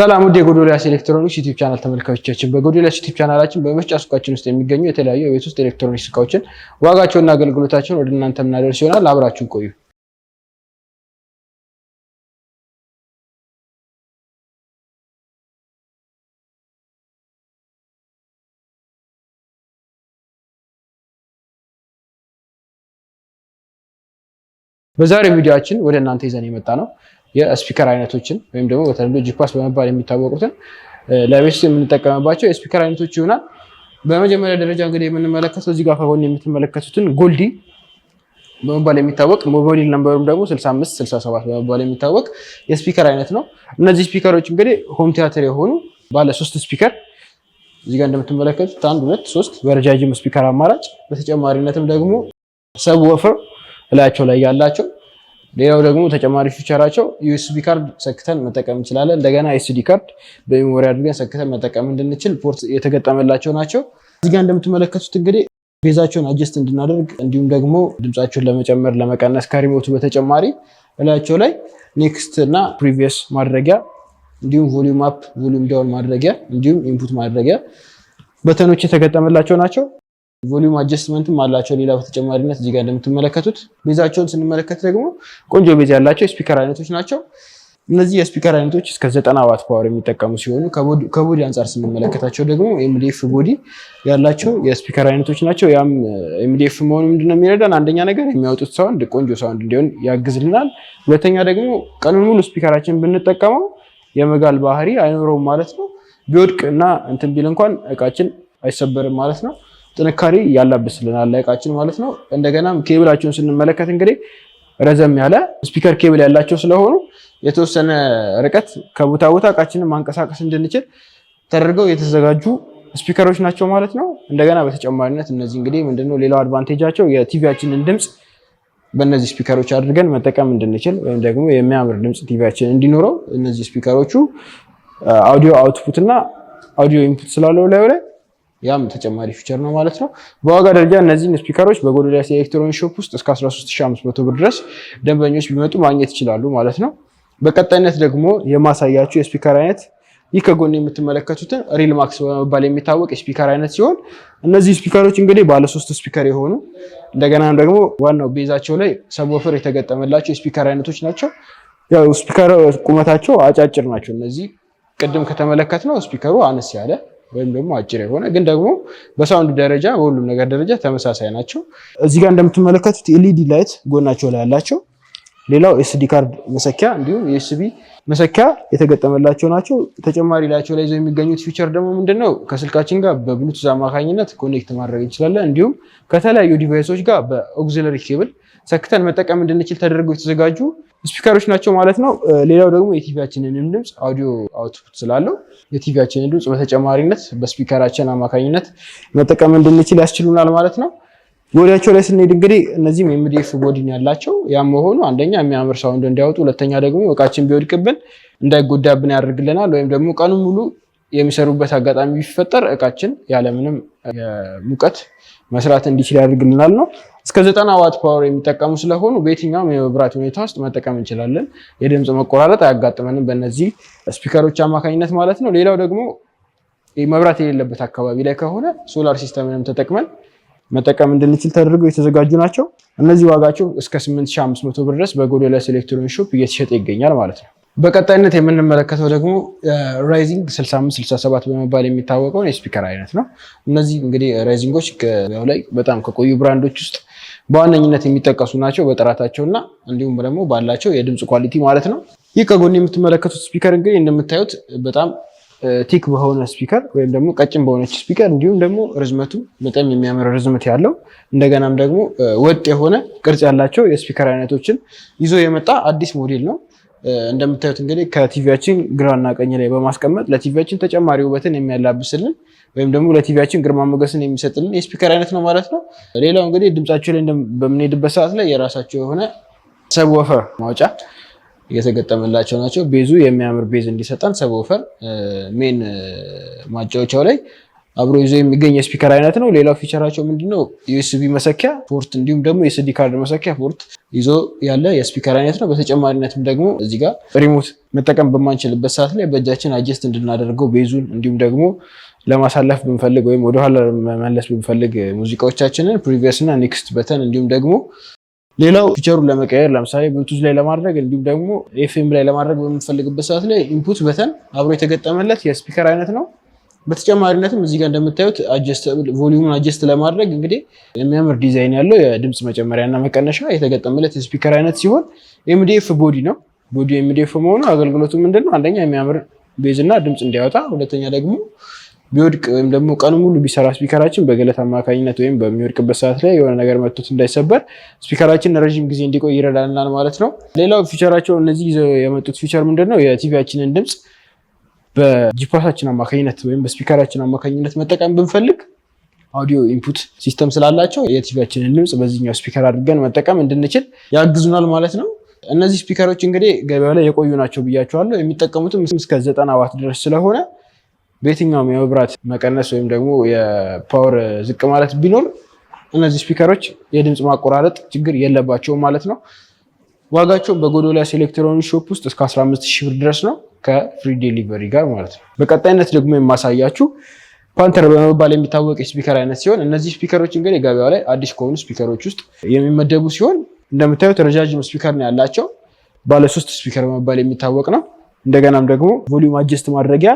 ሰላም ውድ የጎዶልያስ ኤሌክትሮኒክስ ዩቲዩብ ቻናል ተመልካቾቻችን፣ በጎዶልያስ ዩቲዩብ ቻናላችን በምርጫ ሱቃችን ውስጥ የሚገኙ የተለያዩ የቤት ውስጥ ኤሌክትሮኒክስ እቃዎችን ዋጋቸውና አገልግሎታቸውን ወደ እናንተ የምናደርስ ይሆናል። አብራችሁን ቆዩ። በዛሬው ቪዲዮአችን ወደ እናንተ ይዘን የመጣ ነው የስፒከር አይነቶችን ወይም ደግሞ በተለምዶ ጂፓስ በመባል የሚታወቁትን ለቤት ውስጥ የምንጠቀምባቸው የስፒከር አይነቶች ይሆናል። በመጀመሪያ ደረጃ እንግዲህ የምንመለከተው እዚህ ጋር ከጎን የምትመለከቱትን ጎልዲ በመባል የሚታወቅ ሞባይል ነምበሩም ደግሞ 65 67 በመባል የሚታወቅ የስፒከር አይነት ነው። እነዚህ ስፒከሮች እንግዲህ ሆም ቲያትር የሆኑ ባለ ሶስት ስፒከር እዚጋ እንደምትመለከቱት አንድ፣ ሁለት፣ ሶስት በረጃጅም ስፒከር አማራጭ በተጨማሪነትም ደግሞ ሰብ ወፈር እላያቸው ላይ ያላቸው ሌላው ደግሞ ተጨማሪ ፊቸራቸው ዩኤስቢ ካርድ ሰክተን መጠቀም እንችላለን። እንደገና ኤስዲ ካርድ በሜሞሪ አድርገን ሰክተን መጠቀም እንድንችል ፖርት የተገጠመላቸው ናቸው። እዚህ ጋር እንደምትመለከቱት እንግዲህ ቤዛቸውን አጀስት እንድናደርግ እንዲሁም ደግሞ ድምፃቸውን ለመጨመር ለመቀነስ ከሪሞቱ በተጨማሪ እላያቸው ላይ ኔክስት እና ፕሪቪየስ ማድረጊያ እንዲሁም ቮሊዩም አፕ ቮሊዩም ዳውን ማድረጊያ እንዲሁም ኢንፑት ማድረጊያ በተኖች የተገጠመላቸው ናቸው። ቮሊዩም አጀስትመንትም አላቸው። ሌላ በተጨማሪነት እዚጋ እንደምትመለከቱት ቤዛቸውን ስንመለከት ደግሞ ቆንጆ ቤዝ ያላቸው የስፒከር አይነቶች ናቸው። እነዚህ የስፒከር አይነቶች እስከ ዘጠና ዋት ፓወር የሚጠቀሙ ሲሆኑ ከቦዲ አንጻር ስንመለከታቸው ደግሞ ኤምዲኤፍ ቦዲ ያላቸው የስፒከር አይነቶች ናቸው። ያም ኤምዲኤፍ መሆኑ ምንድነው የሚረዳን? አንደኛ ነገር የሚያወጡት ሳውንድ ቆንጆ ሳውንድ እንዲሆን ያግዝልናል። ሁለተኛ ደግሞ ቀኑን ሙሉ ስፒከራችን ብንጠቀመው የመጋል ባህሪ አይኖረውም ማለት ነው። ቢወድቅ እና እንትን ቢል እንኳን እቃችን አይሰበርም ማለት ነው። ጥንካሬ ያላብስልናል ላይቃችን ማለት ነው። እንደገናም ኬብላቸውን ስንመለከት እንግዲህ ረዘም ያለ ስፒከር ኬብል ያላቸው ስለሆኑ የተወሰነ ርቀት ከቦታ ቦታ እቃችንን ማንቀሳቀስ እንድንችል ተደርገው የተዘጋጁ ስፒከሮች ናቸው ማለት ነው። እንደገና በተጨማሪነት እነዚህ እንግዲህ ምንድነው ሌላው አድቫንቴጃቸው የቲቪያችንን ድምፅ በእነዚህ ስፒከሮች አድርገን መጠቀም እንድንችል ወይም ደግሞ የሚያምር ድምፅ ቲቪያችን እንዲኖረው እነዚህ ስፒከሮቹ አውዲዮ አውትፑት እና አውዲዮ ኢንፑት ስላለው ላይ ያም ተጨማሪ ፊቸር ነው ማለት ነው። በዋጋ ደረጃ እነዚህን ስፒከሮች በጎዶልያስ ኤሌክትሮኒክ ሾፕ ውስጥ እስከ 13500 ብር ድረስ ደንበኞች ቢመጡ ማግኘት ይችላሉ ማለት ነው። በቀጣይነት ደግሞ የማሳያችሁ የስፒከር አይነት ይህ ከጎን የምትመለከቱትን ሪል ማክስ በመባል የሚታወቅ የስፒከር አይነት ሲሆን እነዚህ ስፒከሮች እንግዲህ ባለሶስት ስፒከር የሆኑ እንደገና ደግሞ ዋናው ቤዛቸው ላይ ሰብወፈር የተገጠመላቸው የስፒከር አይነቶች ናቸው። ያው ስፒከር ቁመታቸው አጫጭር ናቸው። እነዚህ ቅድም ከተመለከት ነው ስፒከሩ አነስ ያለ ወይም ደግሞ አጭር የሆነ ግን ደግሞ በሳውንድ ደረጃ በሁሉም ነገር ደረጃ ተመሳሳይ ናቸው። እዚህ ጋር እንደምትመለከቱት ኤልኢዲ ላይት ጎናቸው ላይ ያላቸው፣ ሌላው ኤስዲ ካርድ መሰኪያ እንዲሁም ዩኤስቢ መሰኪያ የተገጠመላቸው ናቸው። ተጨማሪ ላያቸው ላይ ይዘው የሚገኙት ፊቸር ደግሞ ምንድነው? ከስልካችን ጋር በብሉቱዝ አማካኝነት ኮኔክት ማድረግ እንችላለን። እንዲሁም ከተለያዩ ዲቫይሶች ጋር በኦግዚለሪ ኬብል ሰክተን መጠቀም እንድንችል ተደርገው የተዘጋጁ ስፒከሮች ናቸው ማለት ነው። ሌላው ደግሞ የቲቪያችንንም ድምፅ አውዲዮ አውትፑት ስላለው የቲቪያችንን ድምፅ በተጨማሪነት በስፒከራችን አማካኝነት መጠቀም እንድንችል ያስችሉናል ማለት ነው። ቦዲያቸው ላይ ስንሄድ እንግዲህ እነዚህም ኤምዲኤፍ ቦዲን ያላቸው ያም መሆኑ አንደኛ የሚያምር ሳውንድ እንዲያወጡ፣ ሁለተኛ ደግሞ እቃችን ቢወድቅብን እንዳይጎዳብን ያደርግልናል። ወይም ደግሞ ቀኑ ሙሉ የሚሰሩበት አጋጣሚ ቢፈጠር እቃችን ያለምንም ሙቀት መስራት እንዲችል ያደርግልናል ነው። እስከ ዘጠና ዋት ፓወር የሚጠቀሙ ስለሆኑ በየትኛውም የመብራት ሁኔታ ውስጥ መጠቀም እንችላለን። የድምፅ መቆራረጥ አያጋጥመንም በእነዚህ ስፒከሮች አማካኝነት ማለት ነው። ሌላው ደግሞ መብራት የሌለበት አካባቢ ላይ ከሆነ ሶላር ሲስተምንም ተጠቅመን መጠቀም እንድንችል ተደርገው የተዘጋጁ ናቸው። እነዚህ ዋጋቸው እስከ 8500 ብር ድረስ በጎዶልያስ ኤሌክትሮኒክ ሾፕ እየተሸጠ ይገኛል ማለት ነው። በቀጣይነት የምንመለከተው ደግሞ ራይዚንግ 6567 በመባል የሚታወቀውን የስፒከር አይነት ነው። እነዚህ እንግዲህ ራይዚንጎች ላይ በጣም ከቆዩ ብራንዶች ውስጥ በዋነኝነት የሚጠቀሱ ናቸው በጥራታቸው እና እንዲሁም ደግሞ ባላቸው የድምፅ ኳሊቲ ማለት ነው። ይህ ከጎን የምትመለከቱት ስፒከር እንግዲህ እንደምታዩት በጣም ቲክ በሆነ ስፒከር ወይም ደግሞ ቀጭን በሆነች ስፒከር እንዲሁም ደግሞ ርዝመቱ በጣም የሚያምር ርዝመት ያለው እንደገናም ደግሞ ወጥ የሆነ ቅርጽ ያላቸው የስፒከር አይነቶችን ይዞ የመጣ አዲስ ሞዴል ነው። እንደምታዩት እንግዲህ ከቲቪያችን ግራና ቀኝ ላይ በማስቀመጥ ለቲቪያችን ተጨማሪ ውበትን የሚያላብስልን ወይም ደግሞ ለቲቪያችን ግርማ ሞገስን የሚሰጥልን የስፒከር አይነት ነው ማለት ነው። ሌላው እንግዲህ ድምጻቸው ላይ በምንሄድበት ሰዓት ላይ የራሳቸው የሆነ ሰብወፈር ማውጫ እየተገጠመላቸው ናቸው። ቤዙ የሚያምር ቤዝ እንዲሰጠን ሰብ ወፈር ሜን ማጫወቻው ላይ አብሮ ይዞ የሚገኝ የስፒከር አይነት ነው። ሌላው ፊቸራቸው ምንድነው? ዩኤስቢ መሰኪያ ፖርት እንዲሁም ደግሞ የስዲ ካርድ መሰኪያ ፖርት ይዞ ያለ የስፒከር አይነት ነው። በተጨማሪነትም ደግሞ እዚህ ጋር ሪሞት መጠቀም በማንችልበት ሰዓት ላይ በእጃችን አጀስት እንድናደርገው ቤዙን እንዲሁም ደግሞ ለማሳለፍ ብንፈልግ ወይም ወደኋላ መመለስ ብንፈልግ ሙዚቃዎቻችንን ፕሪቪየስ እና ኔክስት በተን እንዲሁም ደግሞ ሌላው ፊቸሩን ለመቀየር ለምሳሌ ብሉቱዝ ላይ ለማድረግ እንዲሁም ደግሞ ኤፍኤም ላይ ለማድረግ በምንፈልግበት ሰዓት ላይ ኢንፑት በተን አብሮ የተገጠመለት የስፒከር አይነት ነው። በተጨማሪነትም እዚህ ጋር እንደምታዩት ቮሊዩሙን አጀስት ለማድረግ እንግዲህ የሚያምር ዲዛይን ያለው የድምፅ መጨመሪያና መቀነሻ የተገጠመለት የስፒከር አይነት ሲሆን ኤምዲኤፍ ቦዲ ነው። ቦዲ ኤምዲኤፍ መሆኑ አገልግሎቱ ምንድን ነው? አንደኛ የሚያምር ቤዝ ድምፅ እንዲያወጣ፣ ሁለተኛ ደግሞ ቢወድቅ ወይም ደግሞ ቀኑ ሙሉ ቢሰራ ስፒከራችን በገለት አማካኝነት ወይም በሚወድቅበት ሰዓት ላይ የሆነ ነገር መቶት እንዳይሰበር ስፒከራችን ረዥም ጊዜ እንዲቆይ ይረዳልናል ማለት ነው። ሌላው ፊቸራቸው እነዚህ ይዘው የመጡት ፊቸር ምንድን ነው? የቲቪያችንን ድምፅ በጂፓሳችን አማካኝነት ወይም በስፒከራችን አማካኝነት መጠቀም ብንፈልግ አውዲዮ ኢንፑት ሲስተም ስላላቸው የቲቪያችንን ድምፅ በዚህኛው ስፒከር አድርገን መጠቀም እንድንችል ያግዙናል ማለት ነው። እነዚህ ስፒከሮች እንግዲህ ገበያ ላይ የቆዩ ናቸው ብያቸዋለሁ። የሚጠቀሙትም እስከ ዘጠና ዋት ድረስ ስለሆነ በየትኛውም የመብራት መቀነስ ወይም ደግሞ የፓወር ዝቅ ማለት ቢኖር እነዚህ ስፒከሮች የድምፅ ማቆራረጥ ችግር የለባቸውም ማለት ነው። ዋጋቸውን በጎዶልያስ ኤሌክትሮኒክ ሾፕ ውስጥ እስከ 15 ሺህ ብር ድረስ ነው ከፍሪ ዴሊቨሪ ጋር ማለት ነው። በቀጣይነት ደግሞ የማሳያችሁ ፓንተር በመባል የሚታወቅ የስፒከር አይነት ሲሆን እነዚህ ስፒከሮች እንግዲህ ገበያ ላይ አዲስ ከሆኑ ስፒከሮች ውስጥ የሚመደቡ ሲሆን እንደምታዩት ረጃጅም ስፒከር ነው ያላቸው። ባለሶስት ስፒከር በመባል የሚታወቅ ነው። እንደገናም ደግሞ ቮሊዩም አጀስት ማድረጊያ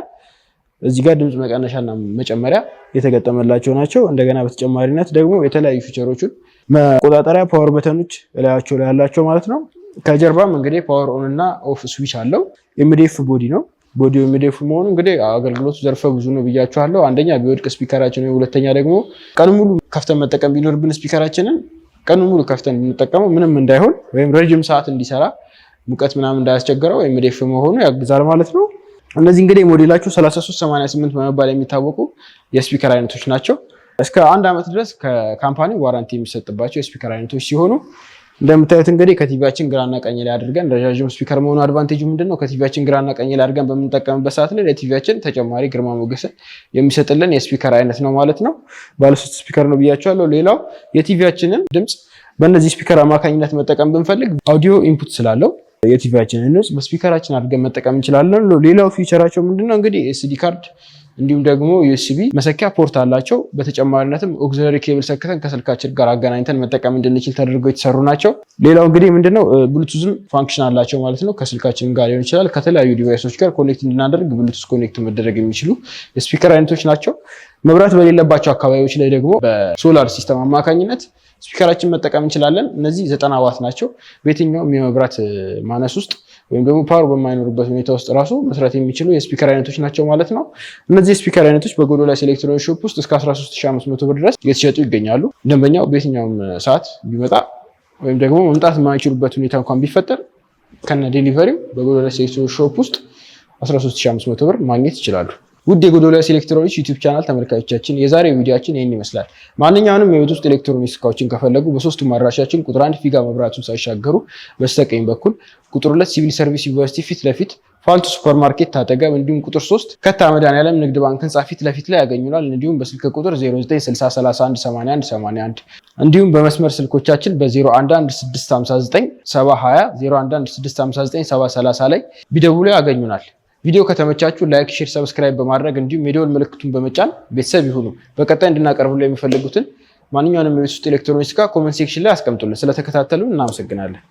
እዚህ ጋር ድምፅ መቀነሻና መጨመሪያ የተገጠመላቸው ናቸው። እንደገና በተጨማሪነት ደግሞ የተለያዩ ፊቸሮችን መቆጣጠሪያ ፓወር በተኖች እላያቸው ላይ ያላቸው ማለት ነው። ከጀርባም እንግዲህ ፓወር ኦን እና ኦፍ ስዊች አለው። ኤምዲኤፍ ቦዲ ነው። ቦዲ ኤምዲኤፍ መሆኑ እንግዲህ አገልግሎቱ ዘርፈ ብዙ ነው ብያችኋለሁ። አንደኛ ቢወድቅ ስፒከራችን፣ ሁለተኛ ደግሞ ቀን ሙሉ ከፍተን መጠቀም ቢኖርብን ስፒከራችንን ቀን ሙሉ ከፍተን የምንጠቀመው ምንም እንዳይሆን ወይም ረጅም ሰዓት እንዲሰራ ሙቀት ምናምን እንዳያስቸግረው ኤምዲኤፍ መሆኑ ያግዛል ማለት ነው። እነዚህ እንግዲህ ሞዴላቸው 3388 በመባል የሚታወቁ የስፒከር አይነቶች ናቸው። እስከ አንድ ዓመት ድረስ ከካምፓኒው ዋራንቲ የሚሰጥባቸው የስፒከር አይነቶች ሲሆኑ እንደምታዩት እንግዲህ ከቲቪያችን ግራና ቀኝ ላይ አድርገን ረዣዥም ስፒከር መሆኑ አድቫንቴጁ ምንድን ነው? ከቲቪያችን ግራና ቀኝ ላይ አድርገን በምንጠቀምበት ሰዓት ላይ ለቲቪያችን ተጨማሪ ግርማ ሞገስን የሚሰጥልን የስፒከር አይነት ነው ማለት ነው። ባለሶስት ስፒከር ነው ብያቸዋለሁ። ሌላው የቲቪያችንን ድምፅ በእነዚህ ስፒከር አማካኝነት መጠቀም ብንፈልግ አውዲዮ ኢንፑት ስላለው የቲቪያችንን ድምፅ በስፒከራችን አድርገን መጠቀም እንችላለን። ሌላው ፊቸራቸው ምንድነው እንግዲህ ኤስዲ ካርድ እንዲሁም ደግሞ ዩኤስቢ መሰኪያ ፖርት አላቸው። በተጨማሪነትም ኦክዘሪ ኬብል ሰክተን ከስልካችን ጋር አገናኝተን መጠቀም እንድንችል ተደርገው የተሰሩ ናቸው። ሌላው እንግዲህ ምንድነው ብሉቱዝም ፋንክሽን አላቸው ማለት ነው። ከስልካችን ጋር ሊሆን ይችላል፣ ከተለያዩ ዲቫይሶች ጋር ኮኔክት እንድናደርግ ብሉቱዝ ኮኔክት መደረግ የሚችሉ የስፒከር አይነቶች ናቸው። መብራት በሌለባቸው አካባቢዎች ላይ ደግሞ በሶላር ሲስተም አማካኝነት ስፒከራችን መጠቀም እንችላለን። እነዚህ ዘጠና ዋት ናቸው። በየትኛውም የመብራት ማነስ ውስጥ ወይም ደግሞ ፓወር በማይኖርበት ሁኔታ ውስጥ ራሱ መስራት የሚችሉ የስፒከር አይነቶች ናቸው ማለት ነው። እነዚህ የስፒከር አይነቶች በጎዶላስ ኤሌክትሮኒክስ ሾፕ ውስጥ እስከ 13500 ብር ድረስ እየተሸጡ ይገኛሉ። ደንበኛው በየትኛውም ሰዓት ቢመጣ ወይም ደግሞ መምጣት የማይችሉበት ሁኔታ እንኳን ቢፈጠር ከነ ዴሊቨሪው በጎዶላስ ኤሌክትሮኒክስ ሾፕ ውስጥ 13500 ብር ማግኘት ይችላሉ። ውድ የጎዶልያስ ኤሌክትሮኒክስ ዩቲዩብ ቻናል ተመልካቾቻችን የዛሬው ቪዲዮአችን ይህን ይመስላል። ማንኛውንም የቤት ውስጥ ኤሌክትሮኒክስ እቃዎችን ከፈለጉ በሶስቱም አድራሻችን ቁጥር አንድ ፊጋ መብራቱን ሳይሻገሩ በስተቀኝ በኩል ቁጥር ሁለት ሲቪል ሰርቪስ ዩኒቨርሲቲ ፊት ለፊት ፋልቱ ሱፐር ማርኬት አጠገብ እንዲሁም ቁጥር ሶስት ከታ መድኃኒዓለም ንግድ ባንክ ህንፃ ፊት ለፊት ላይ ያገኙናል። እንዲሁም በስልክ ቁጥር 0960318181 እንዲሁም በመስመር ስልኮቻችን በ0116597020፣ 0116597030 ላይ ቢደውሉ ያገኙናል። ቪዲዮ ከተመቻችሁ ላይክ፣ ሼር፣ ሰብስክራይብ በማድረግ እንዲሁም የደወል ምልክቱን በመጫን ቤተሰብ ይሁኑ። በቀጣይ እንድናቀርብላ የሚፈልጉትን ማንኛውንም የቤት ውስጥ ኤሌክትሮኒክስ ጋር ኮመንት ሴክሽን ላይ አስቀምጡልን። ስለተከታተሉ እናመሰግናለን።